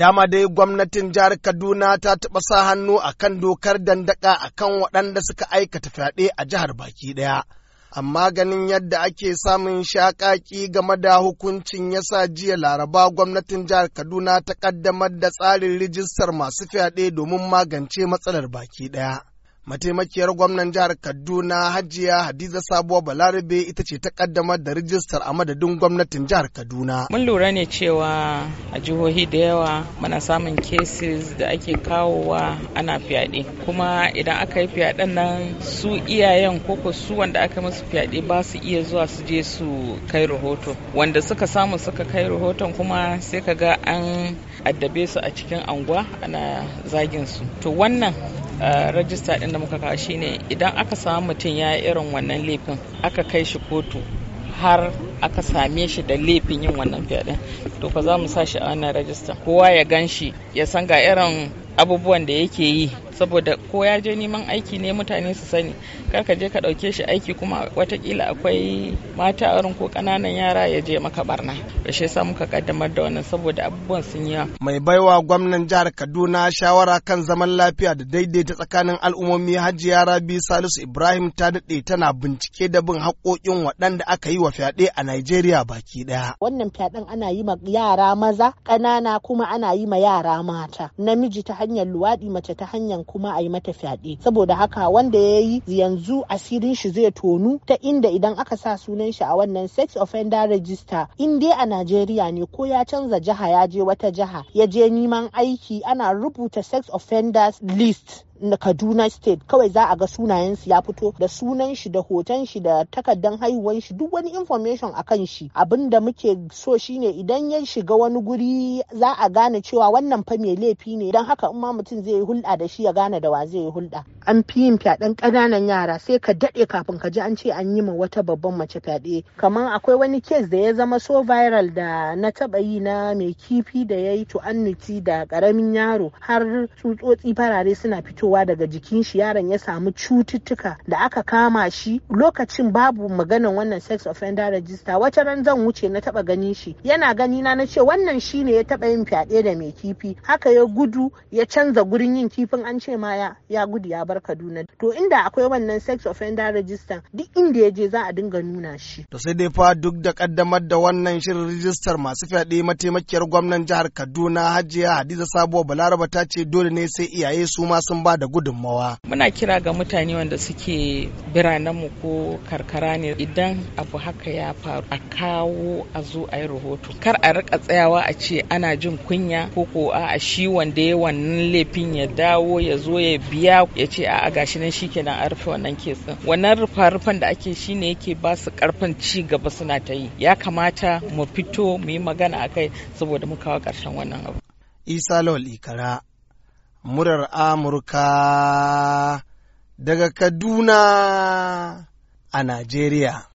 dama dai gwamnatin jihar Kaduna ta taɓa sa hannu a kan dokar dandaka a kan waɗanda suka aikata fyaɗe a jihar baki ɗaya. Amma ganin yadda ake samun shaƙaƙi game da hukuncin ya sa jiya laraba gwamnatin jihar Kaduna ta ƙaddamar da tsarin rijistar masu fyaɗe domin magance matsalar baki ɗaya. Mataimakiyar gwamnan jihar Kaduna Hajiya Hadiza Sabuwa Balarabe ita ce ta kaddamar da rijistar a madadin gwamnatin jihar Kaduna. Mun lura ne cewa a jihohi da yawa muna samun cases da ake kawowa ana fyaɗe. Kuma idan aka yi fyaɗen nan su iyayen koko su wanda aka musu fyaɗe ba su iya zuwa su je su kai rahoto. Wanda suka samu suka kai rahoton kuma sai ka ga an addabe su a cikin anguwa ana zagin su to wannan eh, rajista ɗin da muka kawo shine idan aka samu mutum ya yi irin wannan laifin aka kai shi kotu har aka same shi da laifin yin wannan fyaɗe to fa za mu sa shi a wannan rajista kowa ya gan shi ya san ga irin abubuwan da yake yi saboda ko ya je neman aiki ne mutane su sani kar ka je ka ɗauke shi aiki kuma watakila akwai mata a ko ƙananan yara ya je maka barna da shi yasa muka kaddamar da wannan saboda abubuwan sun yi mai baiwa gwamnan jihar Kaduna shawara kan zaman lafiya da daidaita tsakanin al'ummomi Hajiya Rabi Salisu Ibrahim ta daɗe tana bincike da bin haƙoƙin waɗanda aka yi wa fyaɗe a nigeria baki ɗaya wannan fyaɗen ana yi ma yara maza ƙanana kuma ana yi ma yara mata namiji ta hanyar luwaɗi mace ta hanyar kuma a yi mata fyaɗe saboda haka wanda ya yi yanzu asirin shi zai tonu ta inda idan aka sa sunan shi a wannan sex offender register in dai a Najeriya ne ko ya canza jiha ya je wata jiha ya je neman aiki ana rubuta sex offenders list na kaduna state kawai za a ga sunayensu ya fito da sunan shi da hoton shi da takardan haihuwan shi duk wani information a kan shi abin da muke so shine idan ya shiga wani guri za a gane cewa wannan fa mai laifi ne don haka in ma mutum zai yi hulɗa da shi ya gane da wa zai yi hulɗa an fi yin fyaɗen ƙananan yara sai ka daɗe kafin ka ji an ce an yi ma wata babban mace fyaɗe kamar akwai wani kes da ya zama so viral da na taɓa yi na mai kifi da ya yi tu'annuti da ƙaramin yaro har tsutsotsi farare suna fitowa daga jikin shi yaron ya samu cututtuka da aka kama shi lokacin babu maganan wannan sex offender register wata ran zan wuce na taɓa ganin shi yana gani na na ce wannan shine ya taɓa yin fyaɗe da mai kifi haka ya gudu ya canza gurin yin kifin an ce ma ya gudu ya bar jihar Kaduna to inda akwai wannan sex offender register duk inda ya za a dinga nuna shi to sai dai fa duk da kaddamar da wannan shirin rijistar masu fyaɗe mataimakiyar gwamnan jihar Kaduna Hajiya Hadiza Sabuwa Balaraba ta ce dole ne sai iyaye su ma sun ba da gudunmawa muna kira ga mutane wanda suke biranenmu ko karkara ne idan abu haka ya faru a kawo a zo a yi rahoto kar a rika tsayawa a ce ana jin kunya ko ko a shi wanda ya wannan laifin ya dawo ya zo ya biya ya ce ce a gashi nan shikenan a rufe wannan kesin wannan rufa rufan da ake shine yake ba su karfin ci gaba suna ta yi ya kamata mu fito mu yi magana a kai saboda mu kawo karshen wannan abu isa lawal ikara murar amurka daga kaduna a najeriya